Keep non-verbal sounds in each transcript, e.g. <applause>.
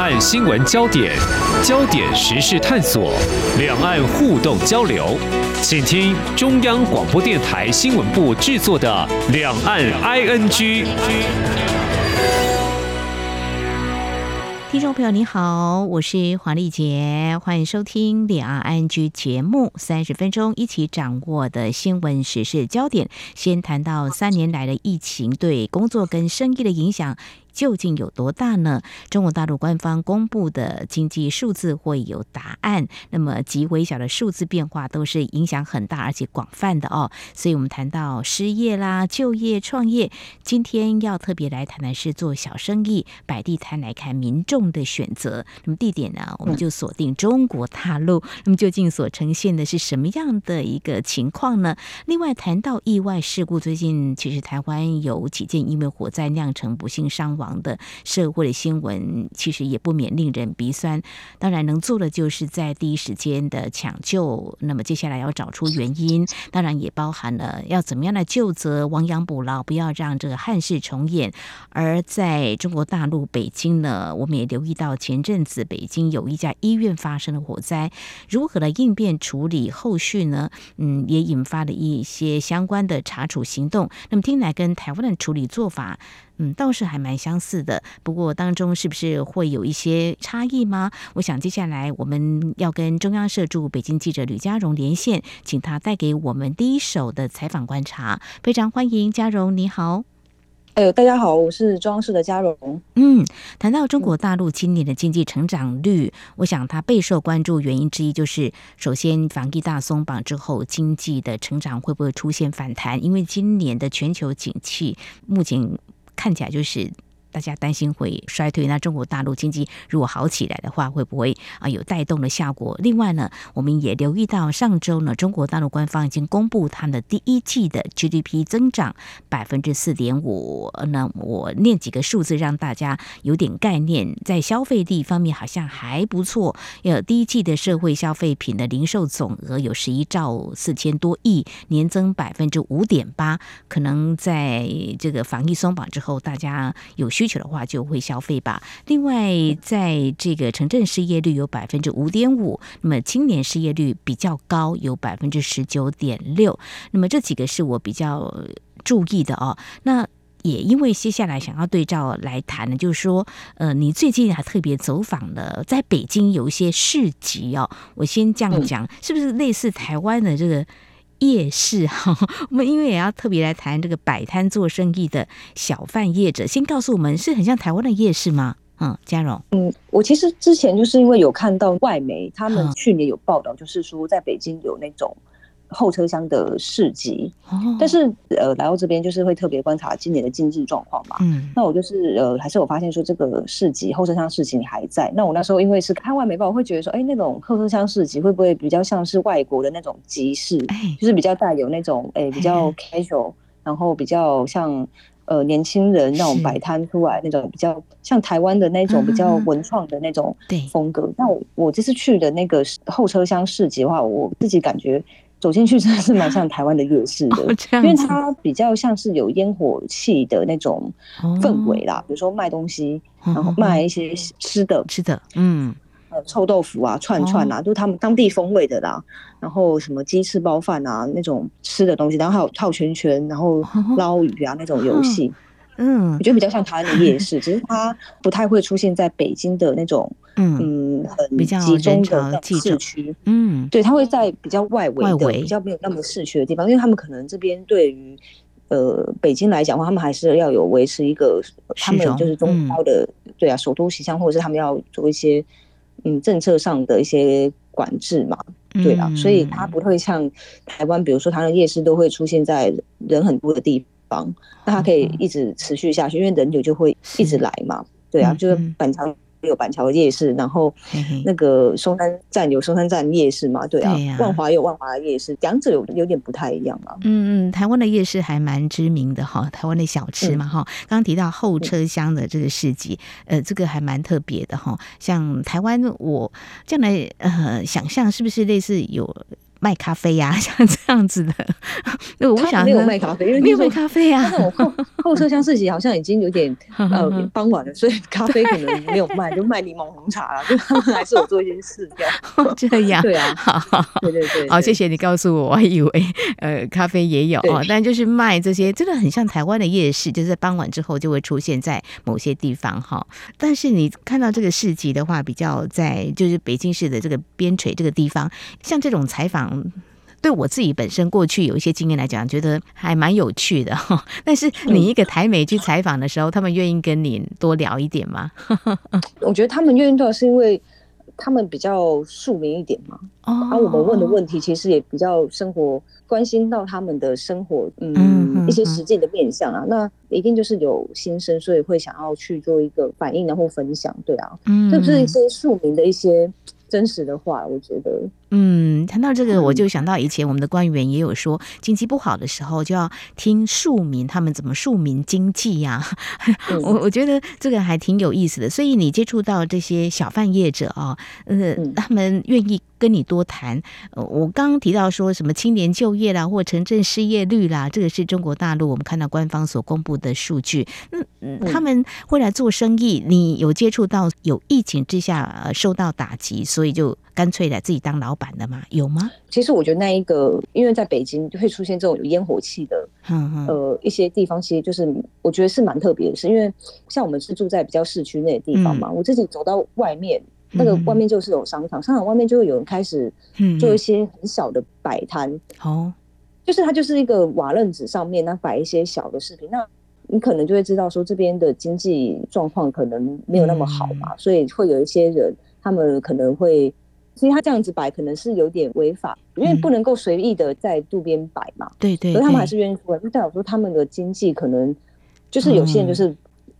按新聞焦點、焦點時事探索、兩岸互動交流，請聽中央廣播電台新聞部製作的《兩岸 ING》。聽眾朋友，你好，我是黃麗杰，歡迎收聽《兩岸 ING》節目，三十分鐘一起掌握的新聞時事焦點。先談到三年來的疫情對工作跟生意的影響。究竟有多大呢？中國大陸官方公布的經濟數字會有答案。那麼極微小的數字變化都是影響很大而且廣泛的哦。所以，我們談到失業啦、就業、創業，今天要特別來談的是做小生意、擺地攤，來看民眾的選擇。那麼地點呢、啊，我們就鎖定中國大陸。嗯、那麼究竟所呈現的是什麼樣的一個情況呢？另外，談到意外事故，最近其實台灣有幾件因為火災釀成不幸傷。亡的社會的新聞，其實也不免令人鼻酸。當然，能做的就是在第一時間的搶救。那麼，接下來要找出原因，當然也包含了要怎麼樣來究責、亡羊補牢，不要讓這個憾事重演。而在中國大陸北京呢，我們也留意到前陣子北京有一家醫院發生了火災，如何的應變處理後續呢？嗯，也引發了一些相關的查處行動。那麼，聽來跟台灣的處理做法，嗯，倒是還蠻相似的。不過當中是不是會有一些差異嗎？我想接下來我們要跟中央社駐北京記者呂佳蓉連線，請他帶給我們第一手的採訪觀察。非常歡迎佳蓉，你好。哎呦，大家好，我是中央社的佳蓉。嗯，談到中國大陸今年的經濟成長率，我想他備受關注原因之一就是，首先防疫大鬆綁之後，經濟的成長會不會出現反彈？因為今年的全球景氣目前。看起來就是。大家擔心會衰退，那中國大陸經濟如果好起來的話，會不會啊有帶動的效果？另外呢，我們也留意到上周呢，中國大陸官方已經公布他的第一季的 GDP 增長百分之四點五。那我念幾個數字讓大家有點概念，在消費力方面好像還不錯。呃，第一季的社會消費品的零售總額有十一兆四千多億，年增百分之五點八。可能在這個防疫鬆綁之後，大家有。需求的話就會消費吧。另外，在這個城鎮失業率有百分之五點五，那麼青年失業率比較高，有百分之十九點六。那麼這幾個是我比較注意的哦。那也因為接下來想要對照來談的，就是說，呃，你最近還特別走訪了，在北京有一些市集哦。我先這樣講，嗯、是不是類似台灣的這個？夜市哈，我們因為也要特別來談這個擺攤做生意的小販業者，先告訴我們是很像台灣的夜市嗎？嗯，佳蓉，嗯，我其實之前就是因為有看到外媒他們去年有報道，就是說在北京有那種。後車廂的市集，oh. 但是呃，來到這邊就是會特別觀察今年的經濟狀況嘛。嗯，mm. 那我就是呃，還是有發現說，這個市集後車廂市集你還在。那我那時候因為是看外媒報，我會覺得說，哎、欸，那種後車廂市集會不會比較像是外國的那種集市，Hey. 就是比較帶有那種哎、欸、比較 casual，Hey. 然後比較像呃年輕人那種擺攤出來那種是比較像台灣的那種、uh huh. 比較文創的那種風格。Uh huh. 對那我我這次去的那個後車廂市集的話，我自己感覺，走進去真的是蠻像台灣的夜市的，因為它比較像是有煙火氣的那種氛圍啦。比如說賣東西，然後賣一些吃的、吃的，嗯，臭豆腐啊、串串吶，都是他們當地風味的啦。然後什麼雞翅包飯啊，那種吃的東西，然後還有套圈圈，然後撈魚啊那種遊戲。嗯，我覺得比較像台灣的夜市， <laughs> 只是它不太會出現在北京的那種嗯，嗯很比較集中的市區。嗯，對，它會在比較外圍的，外圍，比較沒有那麼市區的地方，因為他們可能這邊對於呃北京來講話，他們還是要有維持一個他們就是中高的中對啊，嗯、首都形象，或者是他們要做一些嗯政策上的一些管制嘛，對啊，嗯、所以它不會像台灣，比如說台灣夜市都會出現在人很多的地方。那它可以一直持續下去，因為人流就會一直來嘛。是對啊，就是板橋有板橋夜市，嗯、然後那個松山站有松山站夜市嘛。對啊，萬華有萬華的夜市，兩者有有點不太一樣嘛。嗯嗯，台灣的夜市還蠻知名的哈，台灣的小吃嘛哈。嗯、剛剛提到後車廂的這個市集，嗯、呃，這個還蠻特別的哈。像台灣，我將來呃想象，是不是類似有？賣咖啡呀、啊，像這樣子的，那我想沒有賣咖啡，因為沒有賣咖啡呀、啊。後後車廂市集好像已經有點 <laughs> 呃，傍晚了，所以咖啡可能沒有賣，對耶 就賣檸檬紅茶了。就 <laughs> 還是有做一些事這樣，這樣 <laughs> 對啊，好，好，對對，對對對，好，謝謝你告訴我，我還以為呃，咖啡也有哦，對但就是賣這些真的很像台灣的夜市，就是在傍晚之後就會出現在某些地方哈。但是你看到這個市集的話，比較在就是北京市的這個邊陲這個地方，像這種採訪。嗯，對我自己本身過去有一些經驗來講，覺得還蠻有趣的、哦、但是你一個台媒去採訪的時候，他們願意跟你多聊一點嗎？ <laughs> 我覺得他們願意聊，是因為他們比較庶民一點嘛。哦，而我們問的問題其實也比較生活，關心到他們的生活，嗯，mm hmm. 一些實際的面向啊。那一定就是有心聲，所以會想要去做一個反應然後分享。對啊，這不、mm hmm. 是一些庶民的一些真實的話，我覺得。嗯，談到這個，我就想到以前我們的官員也有說，經濟不好的時候就要聽庶民他們怎麼庶民經濟呀、啊。 <laughs> 我我覺得這個還挺有意思的。所以你接觸到這些小販業者啊、哦，呃，他們願意跟你多談。呃、我剛剛提到說什麼青年就業啦，或城鎮失業率啦，這個是中國大陸我們看到官方所公布的數據。嗯，他們會來做生意，你有接觸到有疫情之下受到打擊，所以就。乾脆的自己當老闆的嗎？有嗎？其實我覺得那一個，因為在北京就會出現這種有煙火氣的，呵呵呃，一些地方，其實就是我覺得是蠻特別的，是因為像我們是住在比較市區那些地方嘛。嗯、我自己走到外面，嗯、那個外面就是有商場，嗯、商場外面就會有人開始做一些很小的擺攤。哦。嗯、就是它就是一個瓦楞紙上面那擺一些小的飾品，那你可能就會知道說這邊的經濟狀況可能沒有那麼好嘛，嗯、所以會有一些人，他們可能會。所以他這樣子擺可能是有點違法，因為不能夠隨意的在路邊擺嘛，嗯。對對，對。可是他們還是願意出來，就代表說他們的經濟可能，就是有些人就是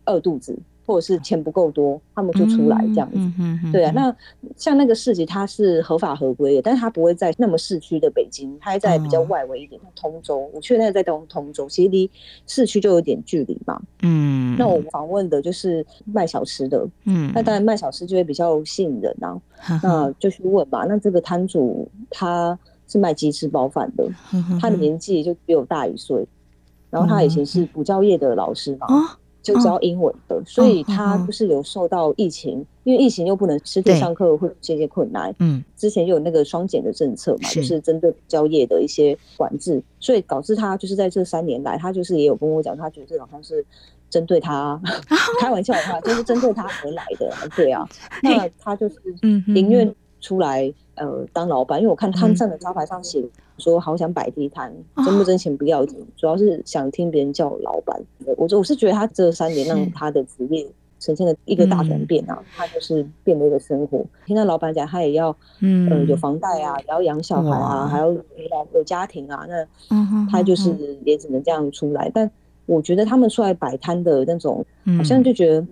餓肚子。嗯或者是錢不夠多，他們就出來這樣子。嗯嗯嗯、對啊，那像那個市集，它是合法合規的，但是他不會在那麼市區的北京，他還在比較外圍一點，通、嗯、州。我確認在東通州，其實離市區就有點距離嘛。嗯。那我們訪問的就是賣小吃的。嗯。那當然賣小吃就會比較吸引人啊，嗯、那就去問吧。那這個攤主他是賣雞翅包飯的，嗯嗯、他的年紀就比我大一歲，然後他以前是補教業的老師嘛。嗯哦就教英文的，oh, 所以他就是有受到疫情，oh, oh, oh, oh. 因為疫情又不能實體上課，會有這些，些困難。嗯對，之前有那個雙減的政策嘛，嗯、就是針對教業的一些管制，是所以導致他就是在這三年來，他就是也有跟我講，他覺得這好像是針對他 oh, oh. 開玩笑的話，就是針對他而來的。對啊， <laughs> 那他就是寧願。出來呃當老闆，因為我看攤上的招牌上寫、嗯、說好想擺地攤，掙不掙錢不要緊，啊、主要是想聽別人叫老闆。我我、嗯、我是覺得他這三年讓他的職業呈現了一個大轉變啊，嗯、他就是變了一個生活。聽到老闆講他也要、嗯呃、有房貸啊，也要養小孩啊，哇還要有有家庭啊，那他就是也只能這樣出來。嗯、哼哼哼但我覺得他們出來擺攤的那種，嗯、好像就覺得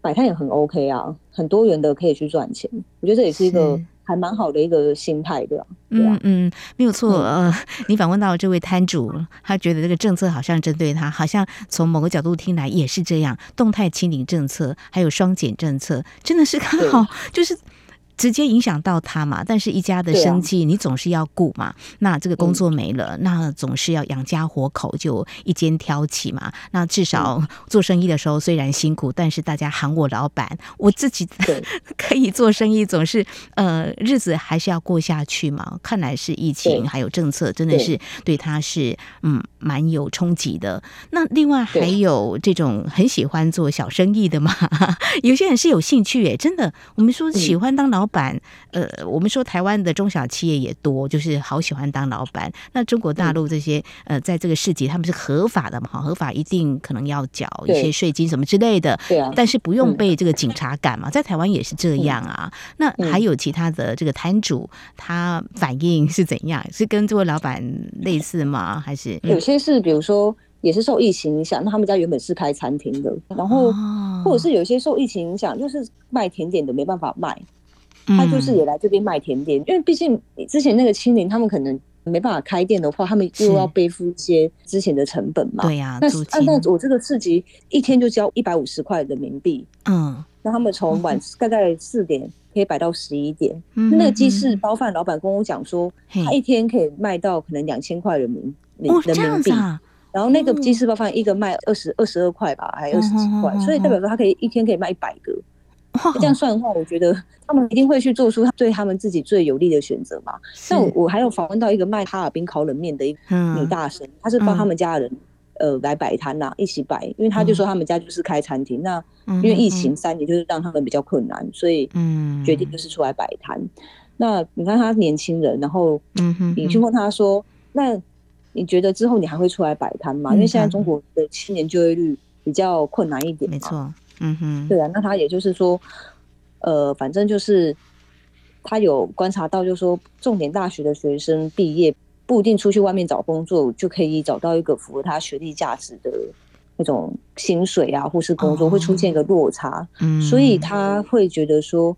擺攤也很 OK 啊。很多元的可以去賺錢，我覺得這也是一個還蠻好的一個心態的，對啊，嗯，沒有錯，呃，你訪問到這位攤主，嗯、他覺得這個政策好像針對他，好像從某個角度聽來也是這樣，動態清零政策還有雙減政策，真的是剛好就是對。就是直接影響到他嘛，但是一家的生計，你總是要顧嘛。啊、那這個工作沒了，嗯、那總是要養家活口，就一肩挑起嘛。嗯、那至少做生意的時候雖然辛苦，嗯、但是大家喊我老闆，我自己對 <laughs> 可以做生意，總是呃日子還是要過下去嘛。看來是疫情對還有政策，真的是對他是對嗯蠻有衝擊的。那另外還有這種很喜歡做小生意的嘛？對 <laughs> 有些人是有興趣哎、欸，真的，嗯、我們說喜歡當老。老闆，呃，我們說台灣的中小企業也多，就是好喜歡當老闆。那中國大陸這些，嗯、呃，在這個市集他們是合法的嘛？哈，合法一定可能要繳一些稅金什麼之類的，對，對啊。但是不用被這個警察趕嘛，嗯、在台灣也是這樣啊。嗯、那還有其他的這個攤主，他反應是怎樣？嗯、是跟這位老闆類似嗎？還是、嗯、有些是，比如說也是受疫情影響，那他們家原本是開餐廳的，然後或者是有些受疫情影響，就是賣甜點的沒辦法賣。嗯、他就是也來這邊賣甜點，因為畢竟之前那個清零他們可能沒辦法開店的話，他們又要背負一些之前的成本嘛。是對呀、啊，那金按照我這個市集，一天就交一百五十塊人民幣。嗯，那他們從晚大概四點可以擺到十一點。嗯、那個雞翅包飯老板跟我講說，嗯嗯、他一天可以賣到可能兩千塊人民人嘿民幣。哦啊、然後那個雞翅包飯一個賣二十二十二塊吧，還二十幾塊，嗯嗯嗯嗯嗯、所以代表說他可以一天可以賣一百個。這樣算的話，我覺得他們一定會去做出對他們自己最有利的選擇嘛。那我還有訪問到一個賣哈爾濱烤冷麵的一個女大生，她是幫他們家的人呃來擺攤吶，一起擺。因為他就說他們家就是開餐廳，那因為疫情三年就是讓他們比較困難，所以決定就是出來擺攤。那你看他年輕人，然後你去問他說：“那你覺得之後你還會出來擺攤嗎？”因為現在中國的青年就業率比較困難一點，沒錯。嗯哼，mm hmm. 對啊，那他也就是說，呃，反正就是他有觀察到，就是說重點大學的學生畢業不一定出去外面找工作就可以找到一個符合他學歷價值的那種薪水啊，或是工作會出現一個落差，嗯、oh. mm，hmm. 所以他會覺得說。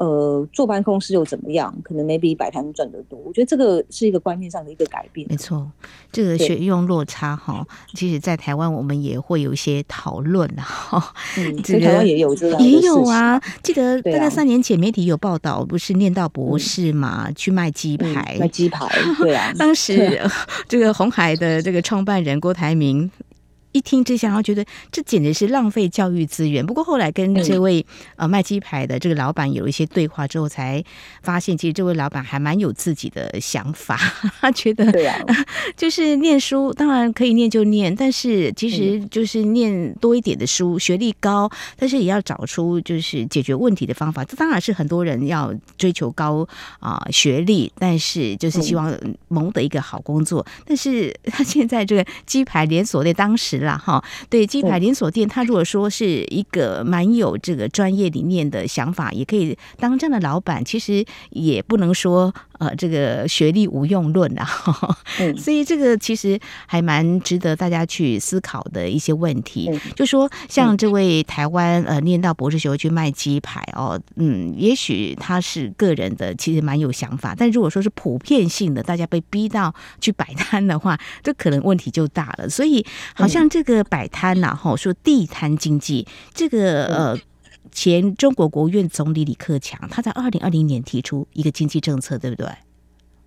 呃，坐辦公室又怎麼樣？可能沒比擺攤賺得多。我覺得這個是一個觀念上的一個改變。沒錯，這個學用落差哈對。其實，在台灣我們也會有一些討論哈，嗯，在台灣也有這，也有啊。記得大概三年前媒體有報道，啊、不是念到博士嘛，嗯、去賣雞排。賣雞排。對啊。 <laughs> 當時、啊、這個鴻海的這個創辦人郭台銘。一聽這些，然後覺得這簡直是浪費教育資源。不過後來跟這位呃賣雞排的這個老板有一些對話之後，才發現其實這位老板還蠻有自己的想法。他覺得，對啊，就是念書當然可以念就念，但是其實就是念多一點的書，學歷高，但是也要找出就是解決問題的方法。這當然是很多人要追求高啊學歷，但是就是希望謀得一個好工作。但是他現在這個雞排連鎖的當時。啦哈，對雞排連鎖店，他如果說是一個蠻有這個專業理念的想法，也可以當這樣的老闆，其實也不能說呃這個學歷無用論啊， <laughs> 嗯、所以這個其實還蠻值得大家去思考的一些問題。嗯、就說像這位台灣呃念到博士學位去賣雞排哦，嗯，也許他是個人的，其實蠻有想法，但如果說是普遍性的，大家被逼到去擺攤的話，這可能問題就大了。所以好像。這個擺攤吶、啊，哈說地攤經濟，這個呃，前中國國務院總理李克強，他在二零二零年提出一個經濟政策，對不對？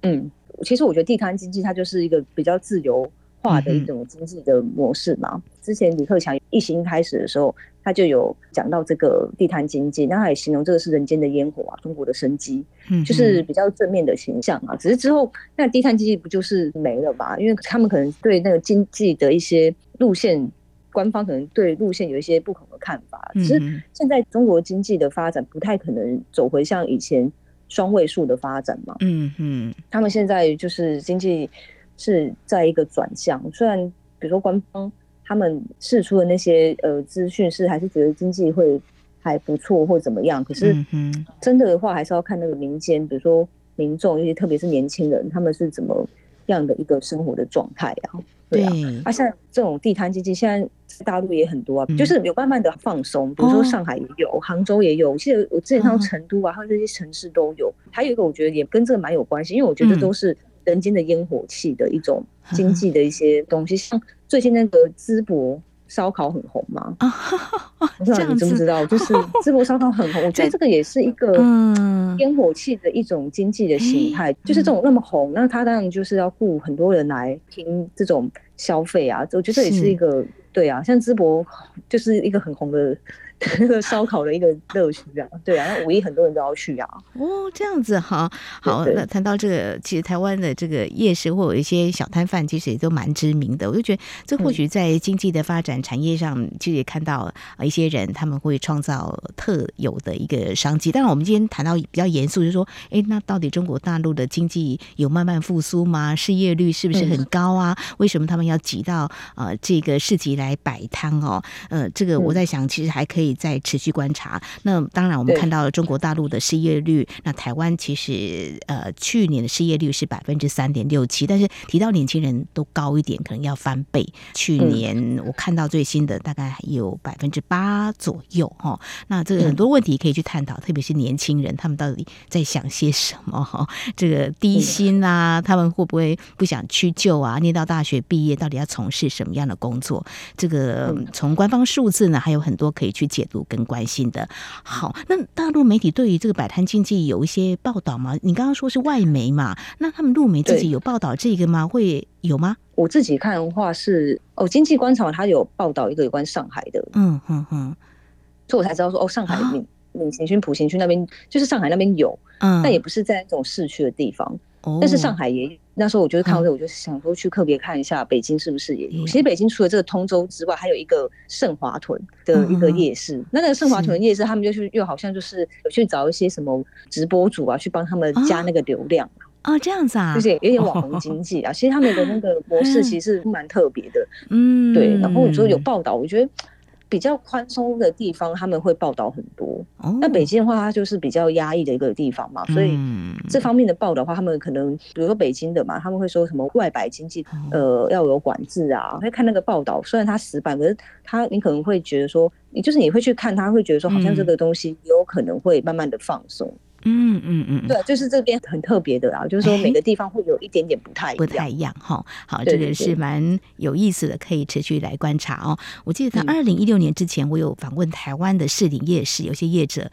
嗯，其實我覺得地攤經濟它就是一個比較自由。化的一種經濟的模式嘛。之前李克強疫情開始的時候，他就有講到這個地攤經濟，那他也形容這個是人間的煙火啊，中國的生機，嗯，就是比較正面的形象啊。只是之後，那地攤經濟不就是沒了吧？因為他們可能對那個經濟的一些路線，官方可能對路線有一些不同的看法。只是現在中國經濟的發展不太可能走回像以前雙位數的發展嘛。嗯嗯，他們現在就是經濟。是在一個轉向，雖然比如說官方他們釋出的那些呃資訊是還是覺得經濟會還不錯或怎麼樣，可是真的的話還是要看那個民間，比如說民眾，尤其特別是年輕人，他們是怎麼樣的一個生活的狀態啊？對啊，啊，而像這種地攤經濟現在大陸也很多啊，就是有慢慢的放鬆，比如說上海也有，杭州也有，其實我之前到成都啊，還有這些城市都有。還有一個我覺得也跟這個蠻有關係，因為我覺得都是。人間的煙火氣的一種經濟的一些東西，像最近那個淄博燒烤很紅嗎？我不知道，哦、你知不知道？就是淄博燒烤很紅，我覺得這個也是一個煙火氣的一種經濟的形態，嗯、就是這種那麼紅，嗯、那它當然就是要雇很多人來聽這種消費啊。我覺得這也是一個是對啊，像淄博就是一個很紅的。那個燒烤的一個樂趣，這樣對啊，那五一很多人都要去啊。哦，這樣子哈，好，好，啊、那談到這個，其實台灣的這個夜市或有一些小攤販，其實也都蠻知名的。我就覺得，這或許在經濟的發展產業上，其實也看到啊一些人他們會創造特有的一個商機。當然我們今天談到比較嚴肅，就是說，哎，那到底中國大陸的經濟有慢慢復甦嗎？失業率是不是很高啊？為什麼他們要擠到這個市集來擺攤哦？呃，這個我在想，其實還可以。在持續觀察。那當然，我們看到了中國大陸的失業率，那台灣其實呃去年的失業率是百分之三點六七，但是提到年輕人都高一點，可能要翻倍。去年我看到最新的大概還有百分之八左右哈。那這個很多問題可以去探討，特別是年輕人他們到底在想些什麼哈？這個低薪啊，他們會不會不想屈就啊？念到大學畢業到底要從事什麼樣的工作？這個從官方數字呢還有很多可以去。解讀跟關心的，好，那大陸媒體對於這個擺攤經濟有一些報道嗎？你剛剛說是外媒嘛？那他們陸媒自己有報道這個嗎？對會有嗎？我自己看的話是哦，《經濟觀察》它有報道一個有關上海的，嗯哼哼，嗯嗯、所以我才知道說哦，上海閔閔行區、啊、普行區那邊就是上海那邊有，嗯，但也不是在那種市區的地方，哦、但是上海也有。那時候我就是看到，我就想說去特別看一下北京是不是也有。其實北京除了這個通州之外，還有一個盛華屯的一個夜市。那個盛華屯的夜市，他們就是又好像就是有去找一些什麼直播主啊，去幫他們加那個流量。啊，這樣子啊，就是有點網紅經濟啊。其實他們的那個模式其實蠻特別的。嗯，對。然後你說有報道，我覺得。比較寬鬆的地方，他們會報道很多。那北京的話，它就是比較壓抑的一個地方嘛，所以這方面的報導的話，他們可能比如說北京的嘛，他們會說什麼外擺經濟，呃，要有管制啊。會看那個報道，雖然它死板，可是他你可能會覺得說，就是你會去看，他會覺得說，好像這個東西有可能會慢慢的放鬆。嗯嗯嗯，嗯對，就是這邊很特別的啊，誒就是說每個地方會有一點點不太一樣不太一樣哈。好，對這個是蠻有意思的，可以持續來觀察哦。我記得在二零一六年之前，嗯、我有訪問台灣的士林夜市，有些業者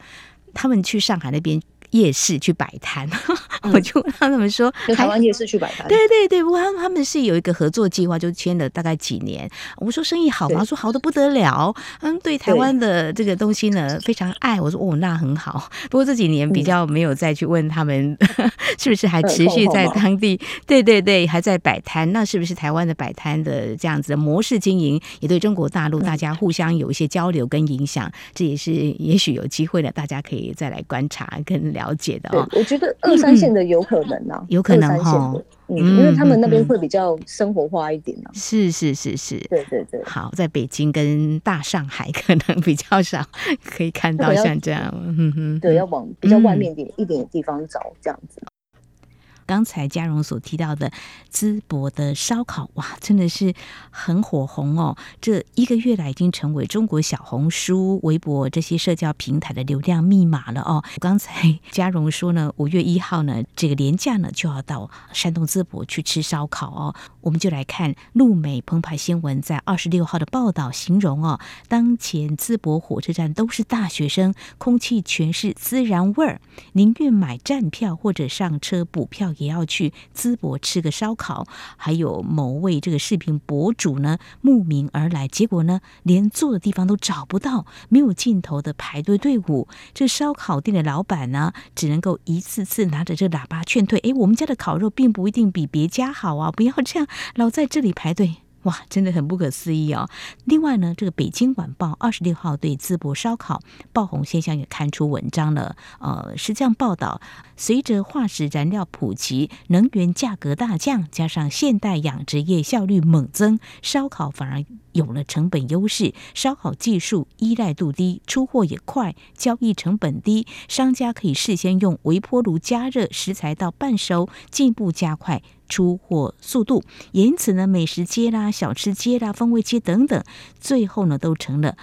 他們去上海那邊。夜市去擺攤， <laughs> 我就跟他們說、嗯、還台灣夜市去擺攤。對對對，不過他們是有一個合作計劃，就簽了大概幾年。我說生意好嗎？對他說好的不得了。嗯，對台灣的這個東西呢對非常愛。我說哦，那很好。不過這幾年比較沒有再去問他們、嗯、 <laughs> 是不是還持續在當地。嗯、對對對，還在擺攤。嗯、那是不是台灣的擺攤的這樣子的模式經營，也對中國大陸大家互相有一些交流跟影響？嗯、這也是也許有機會了，大家可以再來觀察跟聊。了解的、哦，對，我覺得二三線的有可能啊，嗯、有可能哈，嗯，嗯因為他們那邊會比較生活化一點、啊、是是是是，對對對，好，在北京跟大上海可能比較少可以看到像這樣，嗯、哼對，要往比較外面一點、嗯、一點的地方找這樣子。剛才佳蓉所提到的淄博的燒烤，哇，真的是很火紅哦！這一個月來已經成為中國小紅書、微博這些社交平台的流量密碼了哦。剛才佳蓉說呢，五月一號呢，這個連假呢就要到山東淄博去吃燒烤哦。我們就來看陸媒澎湃新聞在二十六號的報道，形容哦，當前淄博火車站都是大學生，空氣全是孜然味兒，寧願買站票或者上車補票。也要去淄博吃個燒烤，還有某位這個視頻博主呢慕名而來，結果呢連坐的地方都找不到，沒有盡頭的排隊隊伍，這燒烤店的老板呢只能夠一次次拿着這喇叭勸退。哎，我們家的烤肉並不一定比別家好啊，不要這樣老在這裡排隊。哇，真的很不可思議哦。另外呢，這個《北京晚報》二十六號對淄博燒烤爆紅現象也刊出文章了。呃，實際上報道，隨着化石燃料普及，能源價格大降，加上現代養殖業效率猛增，燒烤反而有了成本優勢。燒烤技術依賴度低，出貨也快，交易成本低，商家可以事先用微波爐加熱食材到半熟，進一步加快。出貨速度，因此呢，美食街啦、小吃街啦、風味街等等，最後呢，都成了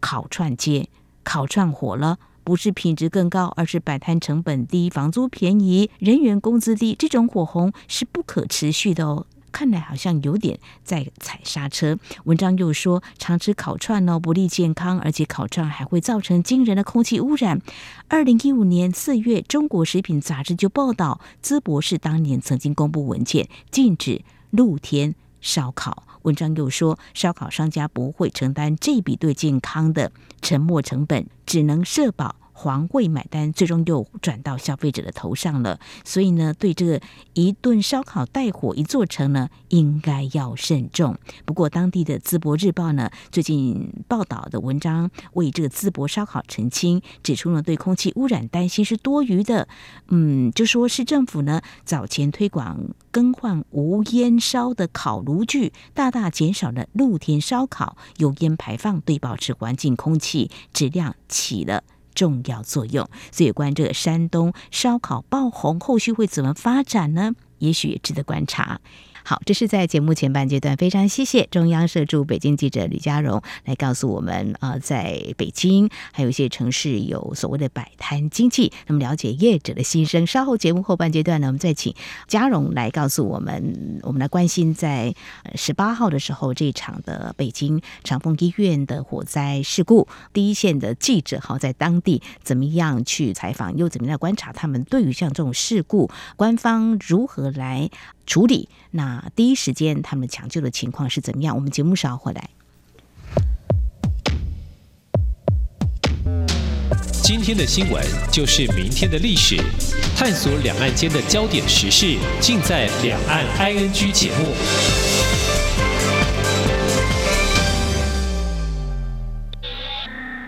烤串街。烤串火了，不是品質更高，而是擺攤成本低、房租便宜、人員工資低，這種火紅是不可持續的哦。看來好像有點在踩剎車。文章又說，常吃烤串哦，不利健康，而且烤串還會造成驚人的空氣污染。二零一五年四月，中國食品雜誌就報道，淄博市當年曾經公布文件，禁止露天燒烤。文章又說，燒烤商家不會承擔這筆對健康的沉沒成本，只能社保。環衛買單，最終又轉到消費者的頭上了。所以呢，對這個一頓燒烤帶火一座城呢，應該要慎重。不過，當地的淄博日報呢，最近報道的文章為這個淄博燒烤澄清，指出呢，對空氣污染擔心是多餘的。嗯，就說市政府呢，早前推廣更換無煙燒的烤爐具，大大減少了露天燒烤油煙排放，對保持環境空氣質量起了。重要作用，所以關這個山東燒烤爆紅，後續會怎麼發展呢？也許也值得觀察。好，這是在節目前半階段，非常謝謝中央社駐北京記者呂佳蓉來告訴我們，呃，在北京還有一些城市有所謂的擺攤經濟，那麼了解業者的心聲。稍後節目後半階段呢，我們再請佳蓉來告訴我們，我們來關心在呃、十八號的時候這場的北京長峰醫院的火災事故，第一線的記者哈、哦，在當地怎麼樣去採訪，又怎麼樣觀察他們對於像這種事故，官方如何來。處理，那第一時間，他們搶救的情況是怎麼樣？我們節目稍後回來。今天的新聞就是明天的歷史，探索兩岸間的焦點時事，盡在《兩岸 ING》節目。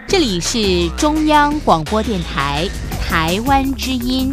這裡是中央廣播電台《台灣之音》。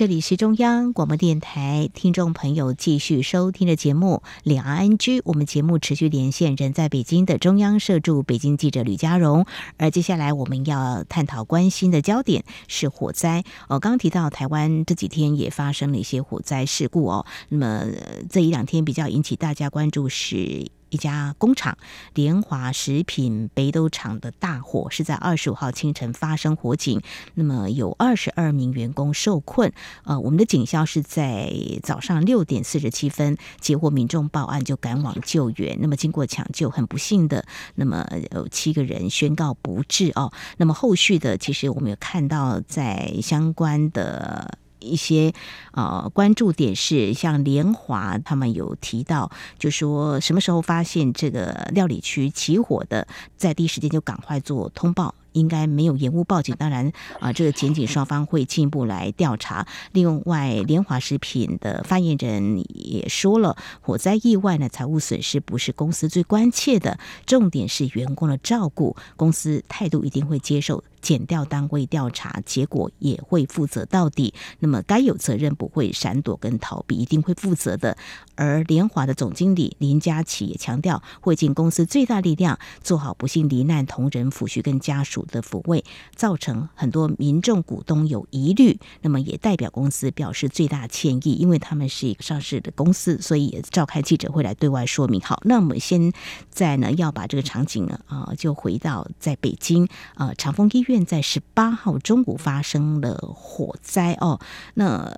這裡是中央廣播電臺，聽眾朋友繼續收聽的節目《兩岸 ING》。我們節目持續連線，人在北京的中央社駐北京記者呂佳蓉。而接下來我們要探討關心的焦點是火災哦，我剛提到臺灣這幾天也發生了一些火災事故哦，那麼、呃、這一兩天比較引起大家關注是。一家工廠，聯華食品北斗廠的大火是在二十五號清晨發生火警，那麼有二十二名員工受困。呃，我們的警消是在早上六點四十七分接獲民眾報案，就趕往救援。那麼經過搶救，很不幸的，那麼有七個人宣告不治哦。那麼後續的，其實我們有看到在相關的。一些呃，關注點是，像聯華他們有提到，就說什麼時候發現這個料理區起火的，在第一時間就趕快做通報。應該沒有延誤報警，當然啊，這個檢警雙方會進一步來調查。另外，聯華食品的發言人也說了，火災意外呢，財務損失不是公司最關切的，重點是員工的照顧。公司態度一定會接受檢調單位調查結果，也會負責到底。那麼，該有責任不會閃躲跟逃避，一定會負責的。而聯華的總經理林家琪也強調，會盡公司最大力量做好不幸罹難同仁撫恤跟家屬。的撫慰，造成很多民眾股東有疑慮，那麼也代表公司表示最大歉意。因為他們是一個上市的公司，所以也召開記者會來對外說明。好，那我們現在呢要把這個場景啊、呃，就回到在北京啊、呃，長峰醫院在十八號中午發生了火災哦。那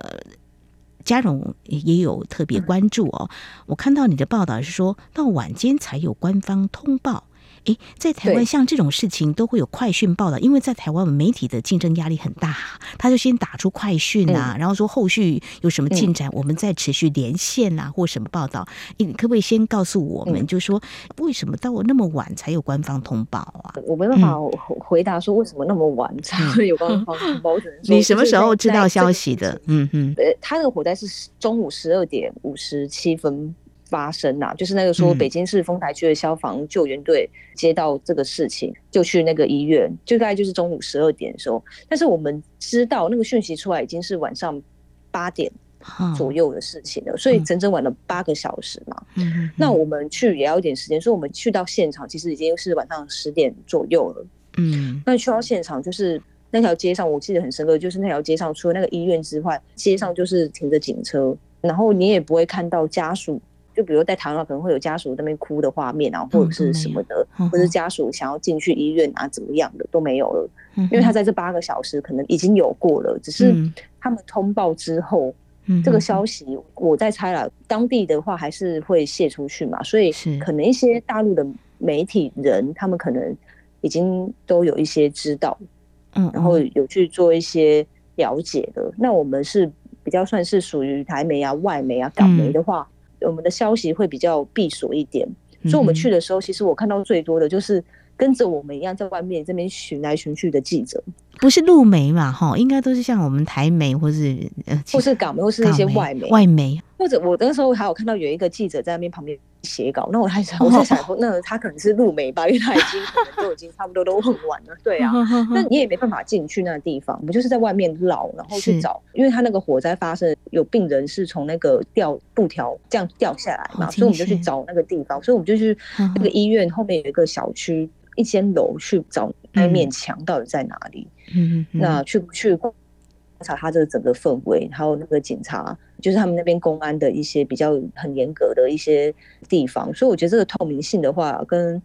佳蓉也有特別關注哦。我看到你的報道是說到晚間才有官方通報。誒、欸，在台灣像這種事情都會有快訊報道，對因為在台灣媒體的競爭壓力很大，他就先打出快訊啊，嗯、然後說後續有什麼進展，嗯、我們再持續連線啊、嗯、或什麼報道、欸。你可不可以先告訴我們，嗯、就說為什麼到了那麼晚才有官方通報啊？我沒辦法回答說為什麼那麼晚才有官方通報、啊。嗯嗯、你什麼時候知道消息的？嗯哼嗯，呃，他那個火災是中午十二點五十七分。發生啦、啊，就是那個說北京市豐台區的消防救援隊接到這個事情，嗯、就去那個醫院，就大概就是中午十二點的時候。但是我們知道那個訊息出來已經是晚上八點左右的事情了，哈所以整整晚了八個小時嘛。嗯，那我們去也要一點時間，所以我們去到現場其實已經是晚上十點左右了。嗯，那去到現場就是那條街上，我記得很深刻，就是那條街上除了那個醫院之外，街上就是停着警車，然後你也不會看到家屬。就比如在台灣，可能會有家屬在那邊哭的畫面啊，或者是什麼的，嗯、呵呵或者家屬想要進去醫院啊，怎麼樣的都沒有了，因為他在這八個小時可能已經有過了，只是他們通報之後，嗯、這個消息我再猜了，當地的話還是會泄出去嘛，所以可能一些大陸的媒體人，他們可能已經都有一些知道，嗯，然後有去做一些了解的，嗯、那我們是比較算是屬於台媒啊、外媒啊、港媒的話。嗯我們的消息會比較閉鎖一點，所以我們去的時候，其實我看到最多的就是跟着我們一樣在外面這邊尋來尋去的記者，不是陸媒嘛，哈，應該都是像我們台媒，或是或是港媒，或是那些外媒，外媒，或者我那時候還有看到有一個記者在那邊旁邊。寫稿，那我還想、oh, 我在想說，那他可能是錄美吧，因為他已經可能都已經差不多都很晚了， <laughs> 對啊，那你也沒辦法進去那個地方，我們就是在外面撈，然後去找，是因為他那個火災發生，有病人是從那個掉布條這樣掉下來嘛，oh, 所以我們就去找那個地方，雪所以我們就去那個醫院後面有一個小區，一間樓去找那面牆到底在哪裡，嗯嗯，那去不去？觀察他這個整個氛圍，還有那個警察，就是他們那邊公安的一些比較很嚴格的一些地方，所以我覺得這個透明性的話，跟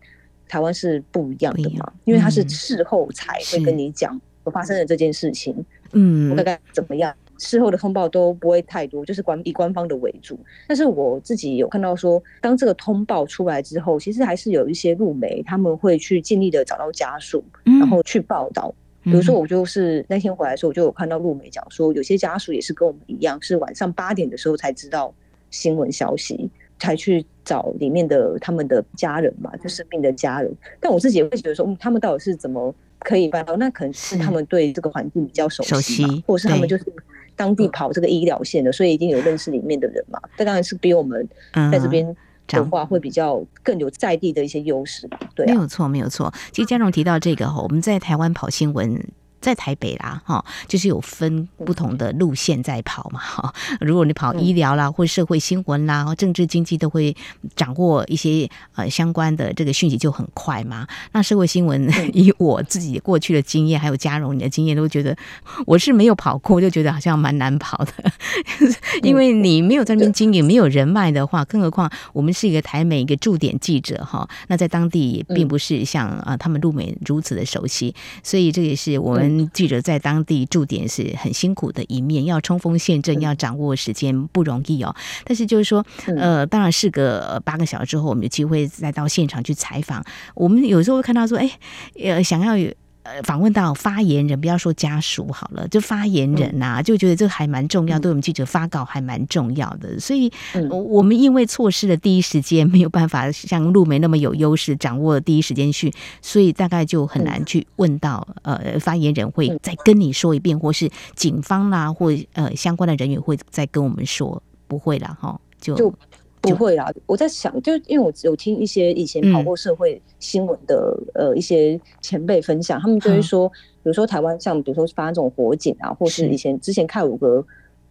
台灣是不一樣的嘛，因為他是事後才會跟你講我發生的這件事情，嗯是，我大概怎麼樣，事後的通報都不會太多，就是官以官方的為主。但是我自己有看到說，當這個通報出來之後，其實還是有一些陸媒他們會去盡力的找到家屬，嗯、然後去報道。比如說，我就是那天回來的時候，我就有看到陸媒講說，有些家屬也是跟我們一樣，是晚上八點的時候才知道新聞消息，才去找裡面的他們的家人嘛，就生病的家人。但我自己也會覺得說，嗯，他們到底是怎麼可以辦到？那可能是他們對這個環境比較熟悉，或者是他們就是當地跑這個醫療線的，所以已經有認識裡面的人嘛。這當然是比我們在這邊。講話會比較更有在地的一些優勢，對、啊，沒有錯，沒有錯。其實佳蓉提到這個哈，我們在台灣跑新聞。在台北啦，哈，就是有分不同的路線在跑嘛。哈，如果你跑醫療啦，嗯、或社會新聞啦，或政治經濟都會掌握一些呃相關的這個訊息就很快嘛。那社會新聞、嗯、以我自己過去的經驗，嗯、還有佳蓉你的經驗，都覺得我是沒有跑過，就覺得好像蠻難跑的， <laughs> 因為你沒有在那邊經營，嗯、沒有人脈的話，更何況我們是一個台美一個駐點記者哈。那在當地也並不是像啊他們入美如此的熟悉，嗯、所以這也是我們。記者在當地駐點是很辛苦的一面，要衝鋒陷陣，要掌握時間，不容易哦。但是就是說，呃，當然事隔八個小時之後，我們有機會再到現場去採訪。我們有時候會看到說，哎，呃，想要有。呃，訪問到發言人，不要說家屬好了，就發言人啊，嗯、就覺得這個還蠻重要，嗯、對我們記者發稿還蠻重要的。所以，嗯、我們因為錯失了第一時間，沒有辦法像陸媒那麼有優勢掌握了第一時間去，所以大概就很難去問到、嗯、呃發言人會再跟你說一遍，嗯、或是警方啦，或呃相關的人員會再跟我們說，不會啦，齁，就。就不會啊，我在想，就因為我有聽一些以前跑過社會新聞的、嗯、呃一些前輩分享，他們就會說，比如說台灣像比如說發生這種火警啊，嗯、或是以前是之前看五個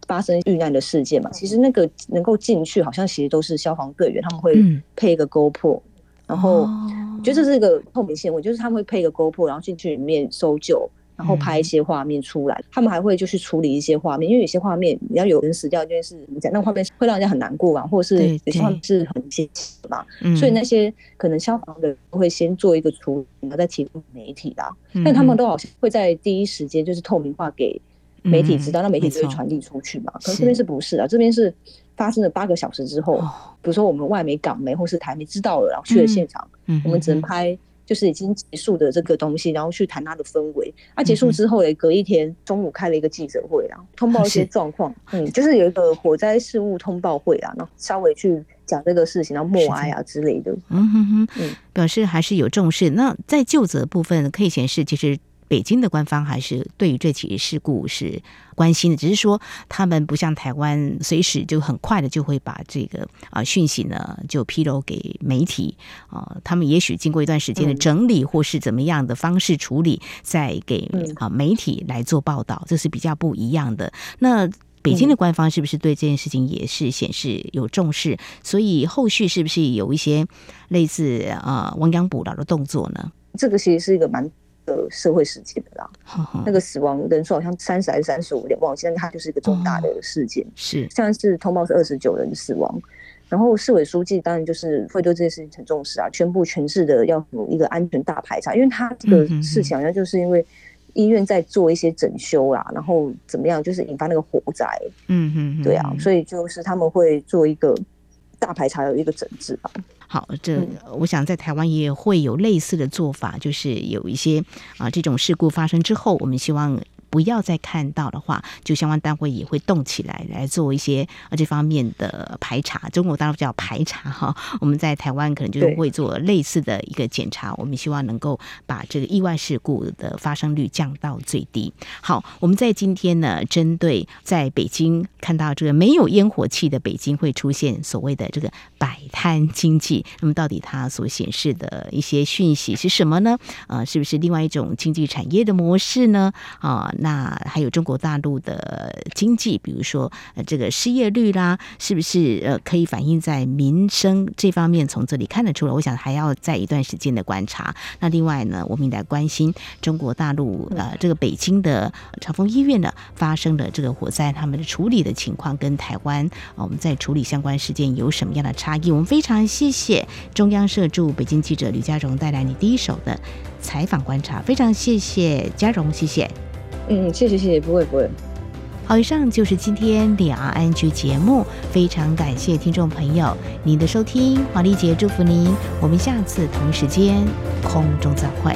發生遇難的事件嘛，其實那個能夠進去，好像其實都是消防隊員，他們會配一個 GoPro、嗯，然後我覺得這是一個透明性我就是他們會配一個 GoPro，然後進去裡面搜救。然後拍一些畫面出來，嗯、他們還會就去處理一些畫面，因為有些畫面你要有人死掉，就是怎麼講，那畫面會讓人家很難過啊，或者是也算是很現實嘛。嗯、所以那些可能消防的會先做一個處理，然後再提供媒體的，嗯、哼但他們都好像會在第一時間就是透明化給媒體知道，嗯、那媒體就會傳遞出去嘛。錯可是這邊是不是啊？是這邊是發生了八個小時之後，哦、比如說我們外媒、港媒或是台媒知道了，然後去了現場，嗯、我們只能拍。就是已經結束的這個東西，然後去談它的氛圍。它、啊、結束之後也隔一天中午開了一個記者會啊，嗯、哼通報一些狀況。是嗯，就是有一個火災事務通報會啊，然後稍微去講這個事情，然後默哀啊之類的。是對嗯哼哼，表示還是有重視。那在究責部分，可以顯示其實。北京的官方還是對於這起事故是關心的，只是說他們不像台灣，隨時就很快的就會把這個啊、呃、訊息呢就披露給媒體啊、呃。他們也許經過一段時間的整理，或是怎麼樣的方式處理，嗯、再給啊、呃、媒體來做報道，這是比較不一樣的。那北京的官方是不是對這件事情也是顯示有重視？嗯、所以後續是不是有一些類似啊亡羊補牢的動作呢？這個其實是一個蠻。一個社會事件啦， <noise> 那個死亡人數好像三十還是三十五，有點忘記。但它就是一個重大的事件，是現在是通報是二十九人死亡。然後市委書記當然就是會對這件事情很重視啊，宣布全市的要有一個安全大排查，因為他這個事情好像就是因為醫院在做一些整修啊，然後怎麼樣就是引發那個火災，嗯嗯對啊，所以就是他們會做一個大排查的一個整治吧、啊。好，這我想在台灣也會有類似的做法，就是有一些啊，這種事故發生之後，我們希望。不要再看到的話，就相關單位也會動起來，來做一些啊這方面的排查。中國大陸叫排查哈，我們在台灣可能就會做類似的一個檢查。對我們希望能夠把這個意外事故的發生率降到最低。好，我們在今天呢，針對在北京看到這個沒有煙火氣的北京會出現所謂的這個擺攤經濟，那麼到底它所顯示的一些訊息是什麼呢？啊、呃，是不是另外一種經濟產業的模式呢？啊，那還有中國大陸的經濟，比如說這個失業率啦，是不是呃可以反映在民生這方面？從這裡看得出來。我想還要再一段時間的觀察。那另外呢，我們也來關心中國大陸呃這個北京的長峰醫院呢發生的這個火災，他們的處理的情況跟台灣我們在處理相關事件有什麼樣的差異？我們非常謝謝中央社駐北京記者呂佳蓉帶來你第一手的採訪觀察。非常謝謝佳蓉，謝謝。嗯，謝謝謝謝，不會不會。好，以上就是今天的兩岸 ING 節目，非常感謝聽眾朋友您的收聽，黃麗姐祝福您，我們下次同一時間空中再會。